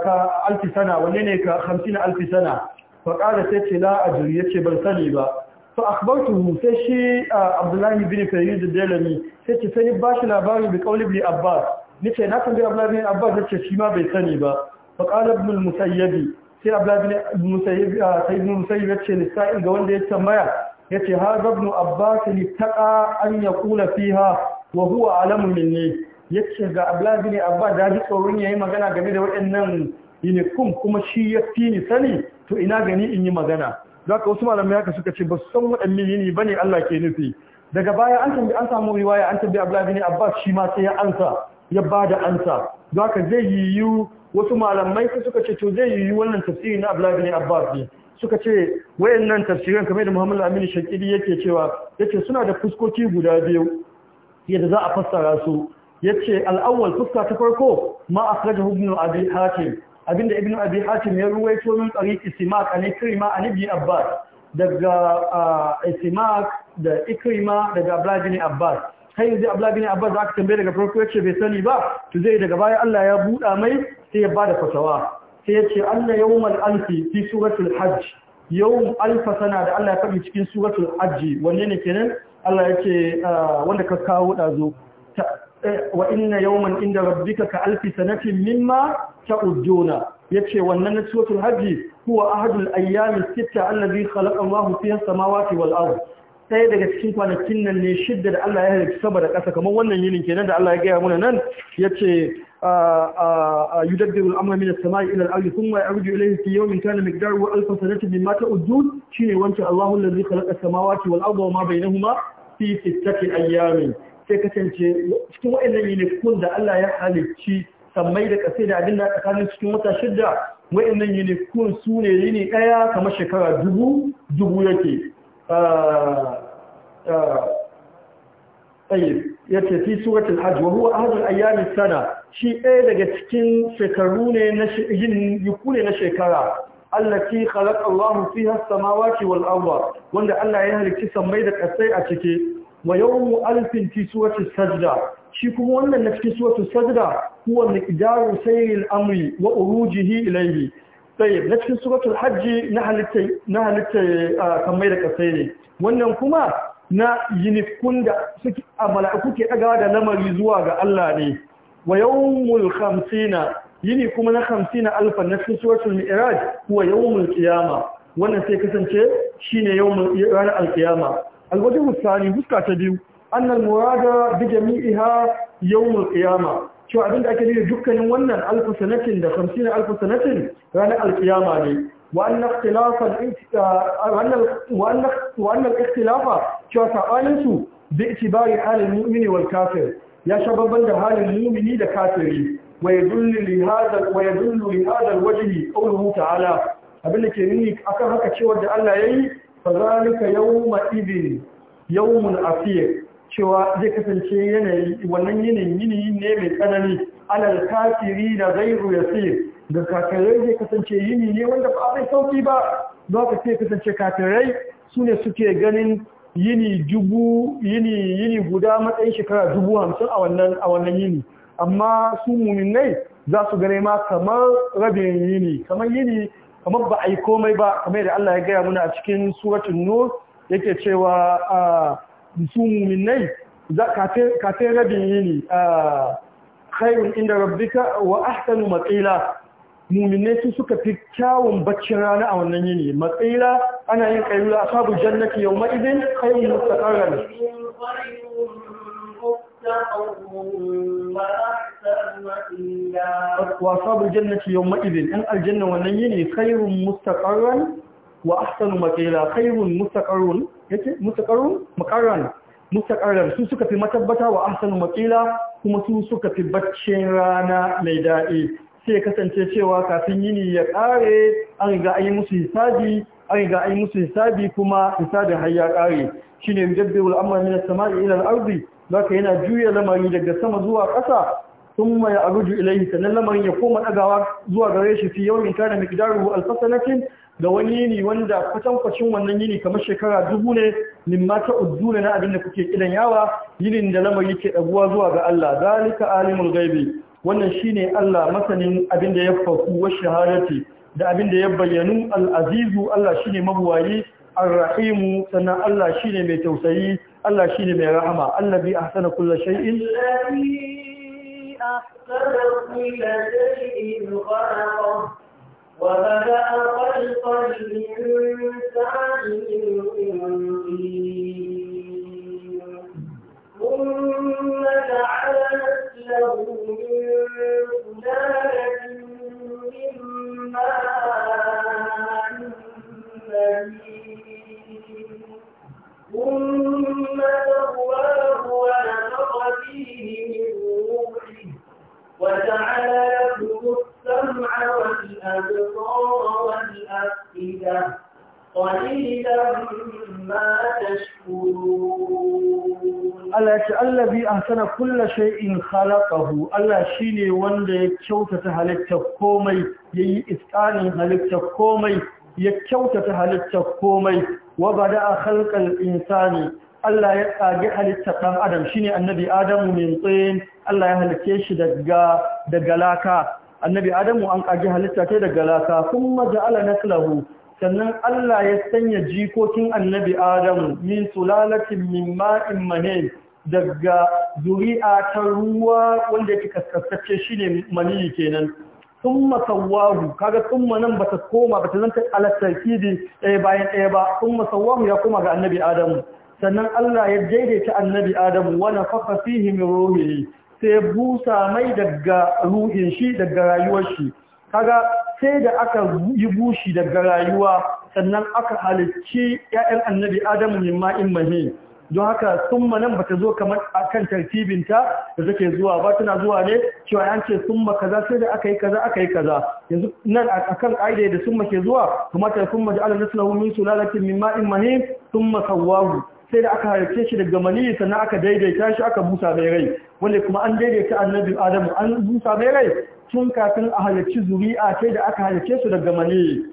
ka alfi sana wanne ne ka hamsin alfi sana fa sai ce la ajri yace ban sani ba fa akhbartuhu sai shi abdullahi bin fayyid dalami sai ce sai bashi labari bi qawli ibn abbas nace na tambayi Abdullah bin Abba nace shi ma bai sani ba fa qala ibn al-musayyib sai Abdullah bin musayyib ah, sai ibn musayyib yace ga wanda ya tambaya yace har Abba Abbas li taqa an kula fiha wa huwa alamu minni yace ga Abdullah bin Abbas da ji tsoron yayi magana game da waɗannan kum kuma shi ya fi ni sani to ina gani in yi magana za ka wasu malamai haka suka ce ba su san waɗannan yini ba ne Allah ke nufi daga baya an tambi an samu riwaya an tambi Abdullah abba Abbas shi ma sai ya ansa ya ba da ansa za ka zai yi yi wasu malamai su suka ce to zai yi yi wannan tafsiri na abdullahi bin abbas ne suka ce wayannan tafsirin kamar da muhammad al-amin shakiri yake cewa yace suna da fuskoki guda biyu yadda za a fassara su yace al-awwal fuska ta farko ma akhraja ibn abi hatim abinda ibn abi hatim ya ruwaito min tariq ismaq an ikrima an ibn abbas daga Isimak ah, da ikrima daga abdullahi bin abbas sai yanzu abla bin Abba za ka tambaye daga farko yace bai sani ba to zai daga baya Allah ya buɗa mai sai ya bada fasawa sai ya ce anna yawmal alfi fi suratul hajj Yau alfa sana da Allah ya faɗi cikin suratul hajj wanne ne kenan Allah ya ce ah, wanda ka kawo zo. Eh, wa inna yawman inda rabbika ka alfi sanatin mimma ta'uduna yace wannan na suratul hajj huwa ahadul ayyami sitta allazi khalaqa Allahu fiha samawati wal ardh ɗaya daga cikin kwanakin nan ne shidda da Allah ya halitta sama da ƙasa kamar wannan yinin kenan da Allah ya gaya mana nan ya ce yudabbiru al'amra min as-sama'i ila al-ardi thumma yarju ilayhi fi yawmin kana miqdaruhu alf sanatin mimma ta'udun shine wancan Allahu allazi khalaqa as-samawati wal arda wama bainahuma fi sittati ayyamin sai kasance cikin wa'annan yinikun da Allah ya halicci sammai da ƙasa da abin da tsakanin cikin wata shidda wa'annan yinikun su ne yini ɗaya kamar shekara dubu dubu yake طيب yace fi suratul hajj wa huwa ahadul ayyami sana shi ɗaya daga cikin shekaru ne na yin yukune na shekara allati khalaqa Allahu fiha as-samawati wal arda wanda Allah ya halicci sammai da ƙasai a ciki wa yawmu alfin fi suratul sajda shi kuma wannan na cikin suratul sajda huwa miqdaru sayril amri wa urujihi ilayhi tsaye na cikin suratul hajji na halitta kamar da kasai ne wannan kuma na yinifkun da suke amala mala'iku ke ɗagawa da lamari zuwa ga Allah ne wa yawmul khamsina yini kuma na khamsina alfa na cikin suratul mi'raj huwa yawmul qiyama wannan sai kasance shine yawmul ranar alqiyama alwajhu sani fuska ta biyu annal murada bi jami'iha yawmul qiyama cewa abin da ake nuna dukkanin wannan alfa sanatin da hamsin alfa sanatin ranar ne wa'annan ikhtilafa cewa sa'anin su bi itibari halin mumini wal kafir ya sha babban da halin mumini da kafiri wa ya dullu li hadar wajini ƙauluhu ta'ala abin da ke nuni akan haka cewar da Allah ya yi fa zalika yawma ibin yawmun afiyar cewa zai kasance yanayi wannan yini yini ne mai tsanani alal kafiri da gairu ya sai ga kafirai zai kasance yini ne wanda ba zai sauki ba za ka sai kasance kafirai su ne suke ganin yini dubu yini yini guda matsayin shekara dubu hamsin a wannan yini amma su muminai za su gane ma kamar rabin yini kamar yini kamar ba a yi komai ba kamar yadda Allah ya gaya muna a cikin suratun nur yake cewa a... Ah, su muminai kafin rabin yini a khairun inda rabbika wa ahsanu matsila muminai su suka fi kyawun baccin rana a wannan yini matsila ana yin kailula asabu jannati yawma idin khairun mustaqarran wa asabu jannati yawma idin an aljanna wannan yini khairun mustaqarran wa ahsanu maqila khairun mustaqarrun yace mustaqarrun muqarran mustaqarran su suka fi matabbata wa ahsanu makila kuma su suka fi baccin rana mai daɗi sai kasance cewa kafin yini ya ƙare an riga ayi yi musu hisabi an riga ayi yi musu hisabi kuma hisabin har ya ƙare shine yudabbirul amra min as-sama'i ila al-ardi zaka yana juya lamari daga sama zuwa ƙasa sun ma a aruju ilaihi sannan lamarin ya koma ɗagawa zuwa gare shi fi yawon kana miqdaruhu alfasanatin da wani yini wanda kwatankwacin wannan yini kamar shekara dubu ne min ma ta na abin da kuke kidan yawa yinin da lamari yake ɗaguwa zuwa ga Allah zalika alimul gaibi. wannan shine Allah masanin abin da ya faku wa shahadati da abin da ya bayyanu al-azizu Allah shine mabuwayi ar-rahimu sannan Allah shine mai tausayi Allah shine mai rahama allazi ahsana kulli shay'in أحسن كل شيء خلقه وبدأ خلق الإنسان من ثم جعل له من سلالة من ماء ثم تقواه ونفخ فيه من روحه وجعل لكم السمع والأبصار والأفئدة قليلا ما تشكرون Allah ya ce allazi ahsana kulla shay'in khalaqahu Allah shine wanda ya kyautata halittar komai yayi isqanin halittar komai ya kyautata halittar komai wa bada'a khalqal insani Allah ya tsage halitta ɗan adam shine annabi adamu min tsayin Allah ya halitta shi daga laka annabi adamu an ƙage halitta ta daga laka kuma na naslahu sannan Allah ya sanya jikokin annabi adamu min sulalatin min ma'in mane daga zuri'a ta ruwa wanda yake kaskasacce shine maniyi kenan sun sawwahu kaga sun ma nan ta koma ba bata zanta ala tarkibi ɗaya bayan ɗaya ba sun sawwahu ya koma ga annabi adamu sannan Allah ya daidaita annabi Adam wa nafakha fihi min sai busa mai daga ruhin shi daga rayuwar shi kaga sai da aka yi bushi daga rayuwa sannan aka halicci 'ya'yan annabi Adam min ma'in don haka summa nan bata zo kamar akan tartibinta da take zuwa ba tana zuwa ne cewa an ce summa kaza sai da aka yi kaza aka yi kaza yanzu nan akan ƙa'ida da summa ke zuwa kuma ta summa ja'ala naslahu min sulalatin min ma'in mahin summa sai da aka halitta shi daga maniyi sannan aka daidaita shi aka busa mai rai wanda kuma an daidaita annabi adamu an busa mai rai tun kafin a halarci zuri'a sai da aka halicce su daga maniyi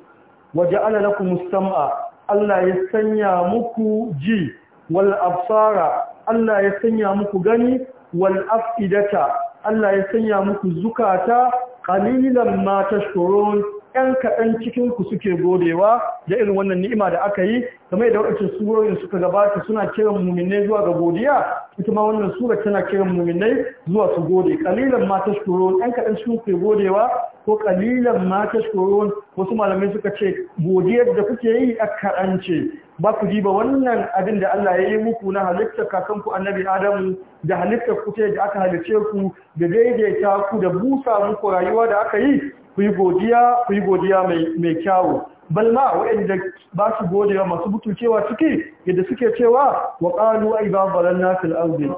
waje ala lakum sam'a Allah ya sanya muku ji wal absara Allah ya sanya muku gani wal afidata Allah ya sanya muku zukata kalilan ma tashkurun Yan kaɗan cikinku suke godewa da irin wannan ni'ima da aka yi game da waɗancan surorin suka gabata suna kiran muminai zuwa ga godiya ita ma wannan sura tana kiran muminai zuwa su gode kalilan ma tashkurun ɗan kaɗan cikin ku godewa ko kalilan ma tashkurun wasu malamai suka ce godiyar da kuke yi a kaɗan ce ba ku ba wannan abin da Allah ya yi muku na halittar kakanku annabi Adamu da halittar ku da aka halicce ku da daidaita ku da busa muku rayuwa da aka yi ku yi godiya ku godiya mai kyawu balma waɗanda ba su gode wa masu butucewa ciki yadda suke cewa wa ƙalu a iba balanna fil ardi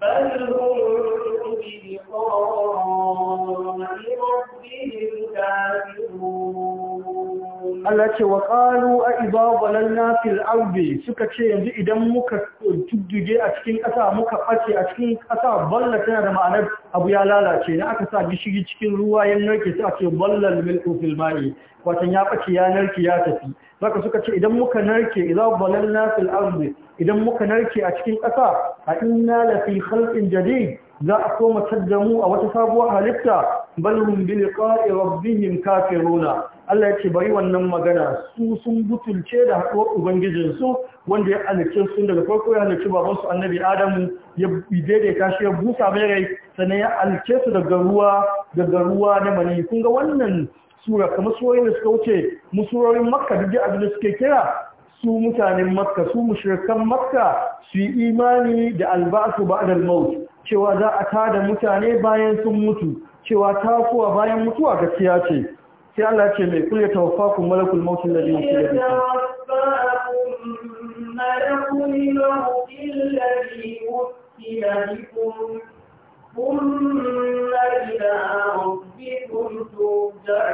بل هم بلقاء ربهم كافرون Allah ce wa ƙaru a idza dalalna fil ardi suka ce yanzu idan muka tudduge a cikin ƙasa muka ɓace a cikin ƙasa balla tana da ma'anar abu ya lalace na aka sa gishiri cikin ruwa ya narke sai a ce ballal milku fil ma'i watan ya ɓace ya narke ya tafi zaka suka ce idan muka narke idza dalalna fil ardi idan muka narke a cikin ƙasa a inna la fi khalqin jadid za a koma tadda mu a wata sabuwar halitta bal hum bi rabbihim kafiruna Allah ya ce bari wannan magana su sun butulce da haɗuwar Ubangijinsu wanda ya halicce sun daga farko ya halicci babansu annabi Adamu ya daidaita shi ya busa mai rai sannan ya halicce su daga ruwa daga ruwa na mani kun ga wannan sura kamar surorin da suka wuce musurorin makka duk abin da suke kira su mutanen makka su mushrikan makka su yi imani da albasu ba'da maut cewa za a tada mutane bayan sun mutu cewa takuwa bayan mutuwa gaskiya ce sai Allah ce mai kulle ku malakul mautin da jini kula da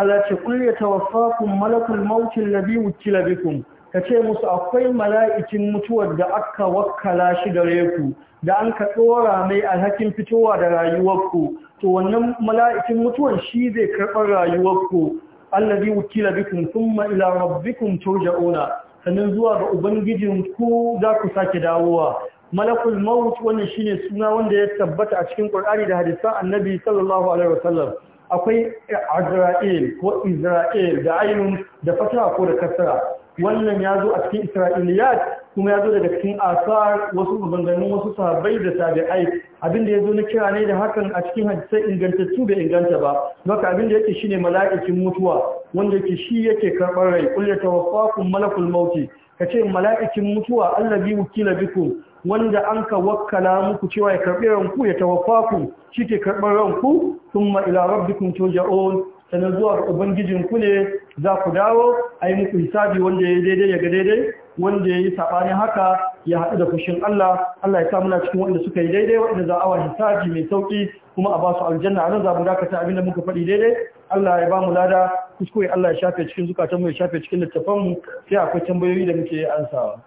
Allah ce kulle tawaffakun malakul mautin labi wukila bikum ka ce musu akwai mala'ikin mutuwar da aka wakala shi gare ku da an ka tsora mai alhakin fitowa da rayuwarku to wannan mala'ikin mutuwan shi zai karɓar rayuwarku allazi wukila bikum thumma ila rabbikum turja'una sannan zuwa ga ubangijin ku za ku sake dawowa malakul maut wannan shine suna wanda ya tabbata a cikin qur'ani da hadisan annabi sallallahu alaihi wasallam akwai azra'il ko isra'il da ainun da fasaha ko da kasara wannan ya zo a cikin isra'iliyat kuma ya zo daga cikin asar wasu maganganun wasu sahabbai da tabi'ai Abinda ya zo na kira ne da hakan a cikin hadisai ingantattu bai inganta ba maka abin da yake shine mala'ikin mutuwa wanda yake shi yake karɓar rai ya tawaffakum malakul mauti kace mala'ikin mutuwa allazi wukila bikum wanda an ka wakkala muku cewa ya karbi ranku ya tawaffakum shi ke karɓar ranku thumma ila rabbikum tuja'un sanan zuwa ga ubangijinku ne za ku dawo a yi muku hisabi wanda ya daidai ya ga daidai wanda ya yayi sabanin haka ya haɗu da fushin Allah Allah ya sa muna cikin wanda suka yi daidai wanda za a wa hisabi mai sauki kuma a ba su aljanna anan za mu dakata abin da muka faɗi daidai Allah ya ba mu lada kuskure Allah ya shafe cikin zukatanmu ya shafe cikin littafanmu sai akwai tambayoyi da muke ansawa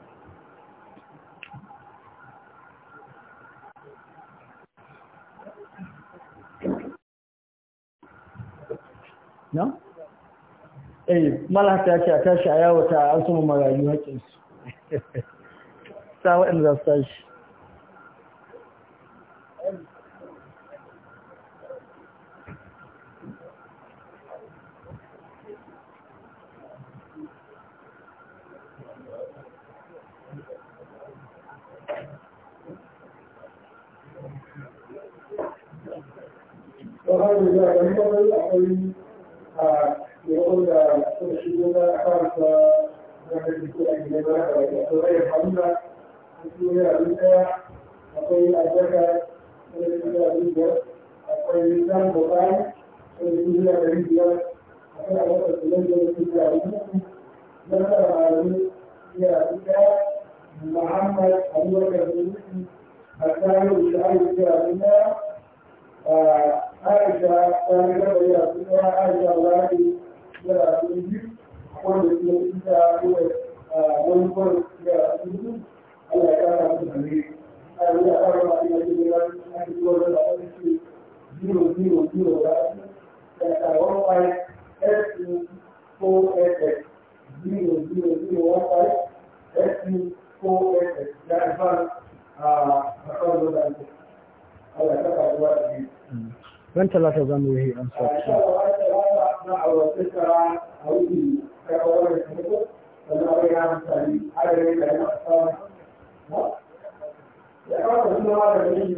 na? eh malaka ta ce a tashi a yawata an sama marayu haƙƙinsu sa waɗanda za a yawon da suka akwai azaka akwai biyar akwai nisan bukari akwai duniya da biyar a wanda su yi ita kuma wani kwan da su Allah ya kara su da ne a yi da kara ma ina cikin ran a yi zuwa da wani ce 000 da da karon kwai su ko ss O su ko ss da advance a kasar da ake Allah ya kara zuwa da ne من ثلاثة ذنبه أنصار؟ أنا ثلاثة أنا أو تسعة أو إيه الظالمين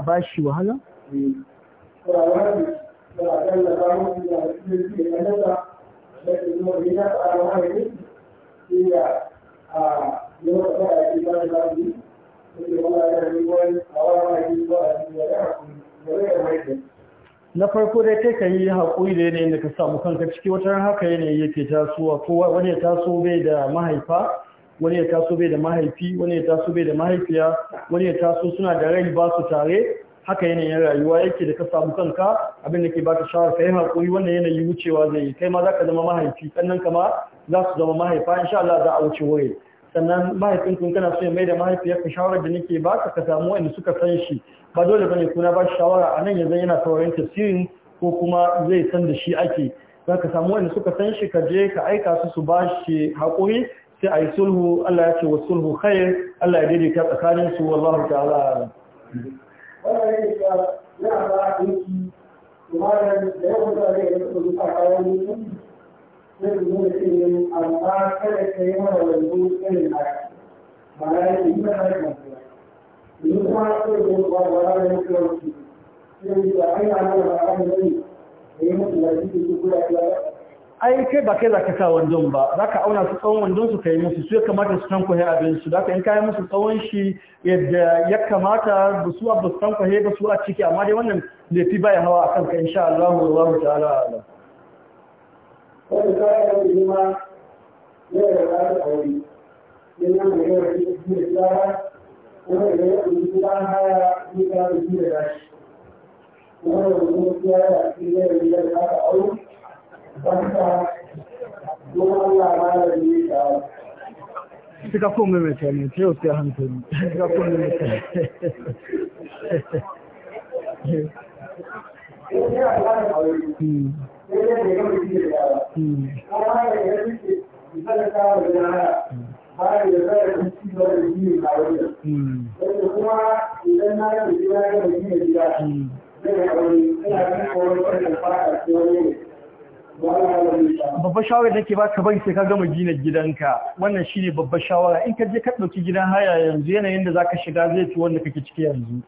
A ba shi wahala? na farko dai kai kan yi haƙuri da yanayin da ka samu kanka ciki wata haka yanayi yake tasowa ko wani ya taso bai da mahaifa wani ya taso bai da mahaifi wani ya taso bai da mahaifiya wani ya taso suna da rai ba su tare haka yanayin rayuwa yake da ka samu kanka abin da ke baka shawar ka yi haƙuri wannan yanayi wucewa zai yi kai ma za ka zama mahaifi sannan kama za su zama mahaifa insha Allah za a wuce wuri sannan mahaifin kun kana so ya mai da mahaifiyarka shawara da nake baka ka samu wanda suka san shi ba dole bane kuna ba shawara a nan yanzu yana saurin tasirin ko kuma zai san da shi ake za ka samu wanda suka san shi ka je ka aika su su ba shi haƙuri تأي سله ألا يأتي وصله خير ألا يجري كأخاني سوى الله تعالى أعلم ولا يشاء لا ai kai ba kai za ka sa wandon ba za ka auna su tsawon wandon su ka yi musu su ya kamata su san kwahe abin su za in kayan musu tsawon shi yadda ya kamata ba su ba su san ba su a ciki amma dai wannan laifi ba ya hawa a kanka insha Allah wa Allah ta'ala Wani kayan da ya ma ya da aure, yana da yawa da ya da tsara, kuma da ne ya da suka ko mai mai tani ta yau sai hankali suka ko mai mai tani Mm. shawarar da ke baka bari sai ka gama gina gidanka wannan shine babbar shawara in ka je ka ɗauki gidan haya yanzu yanayin da za ka shiga zai fi wanda kake ciki yanzu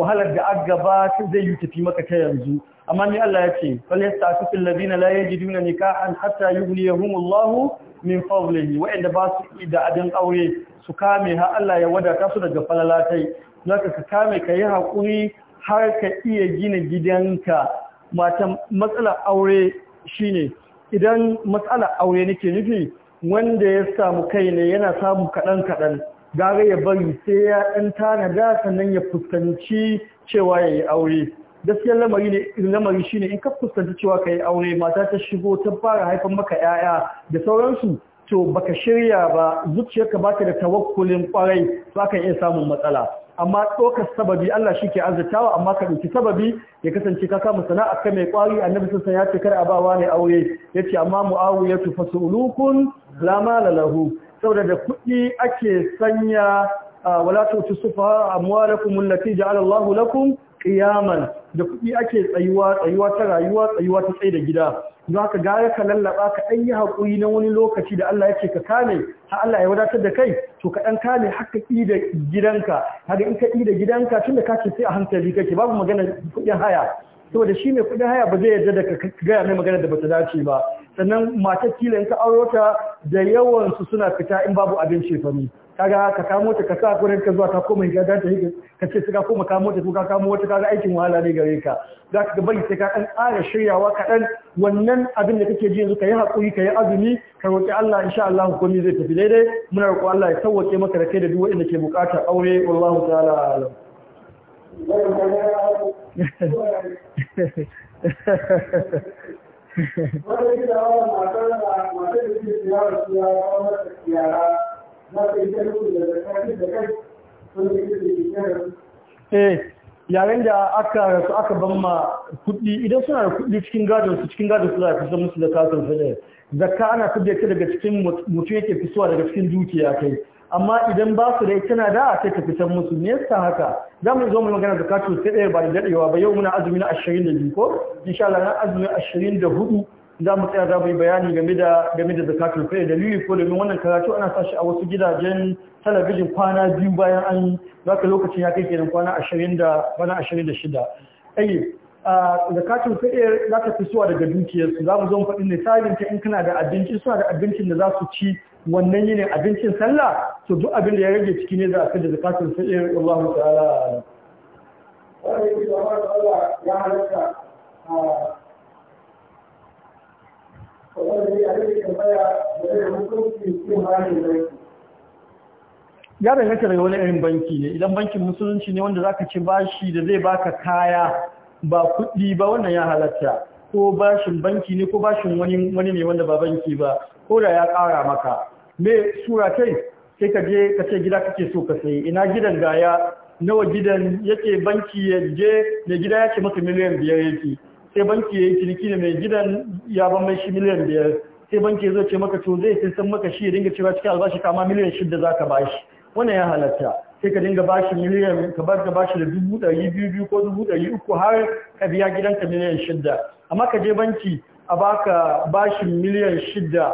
wahalar da aka gaba zai yi tafi maka ta yanzu amma ni Allah ya ce fal yasta'tu fil ladina la yajiduna nikahan hatta yughniyahumullahu min fadlihi wa inda ba su da adin aure su kame ha Allah ya wadata su daga falalatai zaka ka kame ka yi hakuri har ka iya gina gidanka mata matsalar aure shine idan matsala aure nake nufi wanda ya samu kai ne yana samu kaɗan kaɗan gara ya bari sai ya ɗan tanada sannan ya fuskanci cewa ya yi aure gaskiyar lamari ne lamari shine in ka fuskanci cewa ka yi aure mata ta shigo ta fara haifan maka 'ya'ya da sauransu to baka shirya ba zuciyarka baka da tawakkulin kwarai ba ka iya samun matsala amma ɗaukar sababi Allah shi ke arzikawa amma ka ɗauki sababi ya kasance ka kama sana'a kai mai ƙwari annabi sun san ya ce kar a bawa wani aure ya ce amma mu'awiya tu fasulukun la mala lahu saboda da kuɗi ake sanya ah, wala tu tusufa amwalakum allati ja'ala Allahu lakum ƙiyaman da kuɗi ake tsayuwa tsayuwa ta rayuwa tsayuwa ta tsaye da gida don haka gara ka lallaba ka ɗan yi haƙuri na wani lokaci da Allah ya ce ka kame ha Allah ya wadatar da kai to ka ɗan kame haka ƙi da gidanka har in ka ƙi da gidanka tun da kake sai a hankali kake babu magana kuɗin haya saboda shi mai kuɗin haya ba zai yarda da ka gaya mai magana da bata dace ba sannan matar kila in ka aurota ta da yawansu suna fita in babu abin shefani kaga ka kamo ta ka sa kurin ka zuwa ka koma ga dan ta hidin ka ce ka koma kamo ta ko ka kamo wata kaga aikin wahala ne gare ka za ka bari sai ka dan ƙara shiryawa kaɗan wannan abin da kake ji yanzu ka yi haƙuri ka yi azumi ka roƙi Allah insha Allah komai zai tafi daidai muna roƙo Allah ya sauwake maka da kai da duk wanda ke buƙatar aure wallahu ta'ala alam Wani da matar da matar da ke kawo su yara yaren eh, da aka rasu aka ban ma kuɗi idan suna da kuɗi cikin gadon su cikin gadon su za a fi musu da kasar fadar zakka ana fidda ta daga cikin mutu yake suwa daga cikin dukiya kai amma idan ba su dai tana da sai ta fitar musu me yasa haka za mu zo mu magana zakatu sai ɗaya ba da daɗewa ba yau muna azumi na ashirin da biyu ko insha Allah na azumi ashirin da hudu za mu tsaya za mu yi bayani game da game da zakatul fitr dalili ko domin wannan karatu ana sashi a wasu gidajen talabijin kwana biyu bayan an ka lokacin ya kai kenan kwana ashirin da kwana 26 a zakatul fitr za fi suwa daga dukiyar su za mu zo mu faɗi misalin ta in kana da abinci suna da abincin da za su ci wannan ne abincin sallah to duk abin da ya rage ciki ne za a fi da zakatul fitr wallahu ta'ala wannan da ya halatta ya danganta daga wani irin banki ne idan bankin musulunci ne wanda zaka ci bashi da zai baka kaya ba kuɗi ba wannan ya halatta ko bashin banki ne ko bashin wani wani ne wanda ba banki ba ko da ya ƙara maka me sura kai sai ka je ka ce gida kake so ka sayi ina gidan ga nawa gidan yake banki ya je da gida ya ce maka miliyan biyar yake sai banki ya yi ciniki da mai gidan ya ban mai shi miliyan biyar sai banki ya zo ce maka to zai sai san maka shi ya dinga cewa cikin albashi kama miliyan shida za ka bashi wannan ya halatta sai ka dinga bashi miliyan ka bar ka bashi da dubu ɗari biyu biyu ko dubu ɗari uku har ka biya gidanka miliyan shida amma ka je banki a baka bashi miliyan shida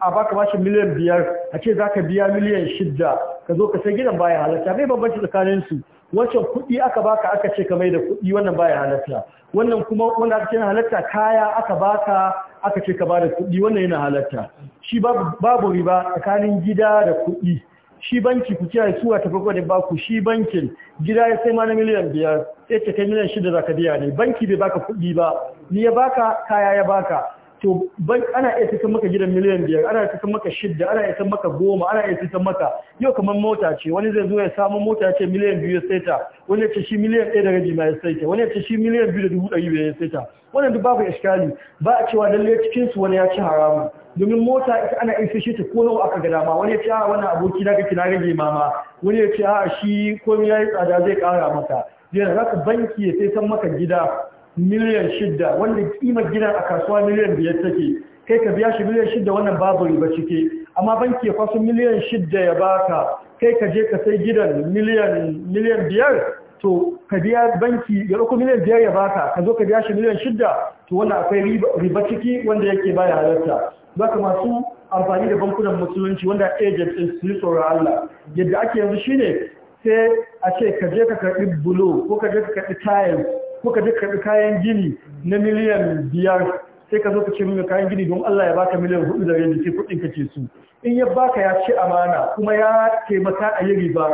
a baka bashi miliyan biyar a ce za ka biya miliyan shida ka zo ka sai gidan baya halatta bai bambanci tsakaninsu wancan kuɗi aka baka aka ce ka bai da kuɗi wannan baya halatta wannan kuma wanda aka ce halatta kaya aka baka aka ce ka ba da kuɗi wannan yana halatta shi babu riba tsakanin gida da kuɗi shi banki ku kiyaye suwa ta farko ba baku shi bankin gida ya sai ma na miliyan biyar sai ce kai miliyan shida zaka biya ne banki bai baka kuɗi ba ni ya baka kaya ya baka to ana iya fitan maka gidan miliyan biyar ana iya fitan maka shidda ana iya fitan maka goma ana iya fitan maka yau kamar mota ce wani zai zo ya samu mota ce miliyan biyu ya saita wani ya ce shi miliyan ɗaya da rabi ma ya saita wani ya ce shi miliyan biyu da dubu ɗari biyu ya saita wannan duk babu iskali ba a cewa lalle cikin su wani ya ci haramu domin mota ita ana iya fishe ta ko nawa aka ga dama wani ya ce a wannan aboki na kake na rage mama wani ya ce a shi komai ya yi tsada zai ƙara maka yana za ka banki ya sai san maka gida miliyan shidda wanda kimar gidan a kasuwa miliyan biyar take kai ka biya shi miliyan shidda wannan babu riba cike amma banki ya kwaso miliyan shidda ya baka kai ka je ka sai gidan miliyan miliyan biyar to ka biya banki ya dauko miliyan biyar ya baka ka zo ka biya shi miliyan shidda to wannan akwai riba ciki wanda yake baya halarta baka masu amfani da bankunan musulunci wanda agent din su tsoron Allah yadda ake yanzu shine sai a ce ka je ka karɓi bulo ko ka je ka karɓi tiles muka duk karɓi kayan gini na miliyan biyar sai ka zo ka ce mini kayan gini don Allah ya baka miliyan hudu da yanzu ke kuɗin ka ce su in ya baka ya ci amana kuma ya taimaka a yi riba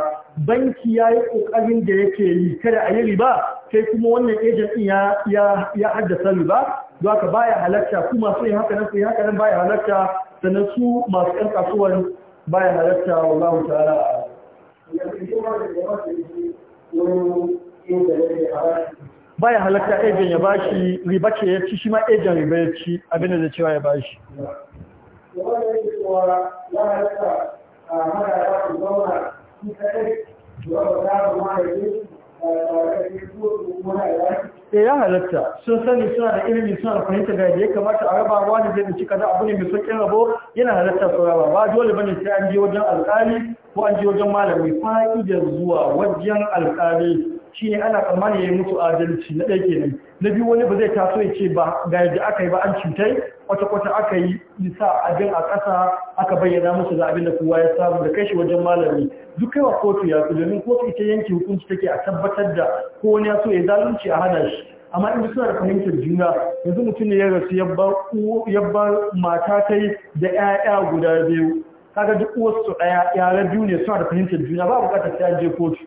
banki ya yi ƙoƙarin da yake yi kada a yi riba sai kuma wannan ejen ya haddasa riba don haka baya halarta su masu yin haka su yi haka baya halarta sannan su masu yan kasuwar baya halarta wallahu ta'ala. baya halatta ejen ya bashi riba ce ya ci shi ma ejen riba ya ci abinda da cewa ya bashi e ya halatta sun sani suna da ilimi suna da fahimta ga ya kamata a raba wani zai da cika da abu ne mai sauƙin rabo yana halatta su raba ba dole bane sai an je wajen alƙali ko an je wajen malami fa'idar zuwa wajen alƙali shi ne ana tsammani ya yi musu adalci na ɗaya kenan na biyu wani ba zai taso ya ce ba ga yadda aka yi ba an cutai kwata-kwata aka yi nisa abin a ƙasa aka bayyana musu da abin da kowa ya samu da kai shi wajen malami duk kai wa kotu ya fi domin kotu ita yanke hukunci take a tabbatar da ko wani ya so ya zalunci a hana shi amma in suna da fahimtar juna yanzu mutum ne ya rasu ya bar mata kai da 'ya'ya guda biyu kaga duk wasu ɗaya yara biyu ne suna da fahimtar juna ba bukatar ta je kotu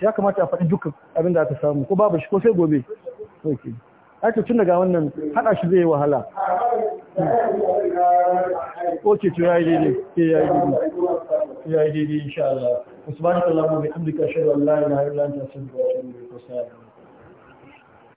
ya kamata a faɗi duk abin da aka samu ko babu shi ko sai gobe ok ake tun daga wannan haɗa shi zai yi wahala ok to ya yi daidai eh, ya yi daidai ya yi daidai insha Allah usman sallallahu alaihi wa sallam da hamdika ashhadu an la ilaha illa anta astaghfiruka wa atubu ilaik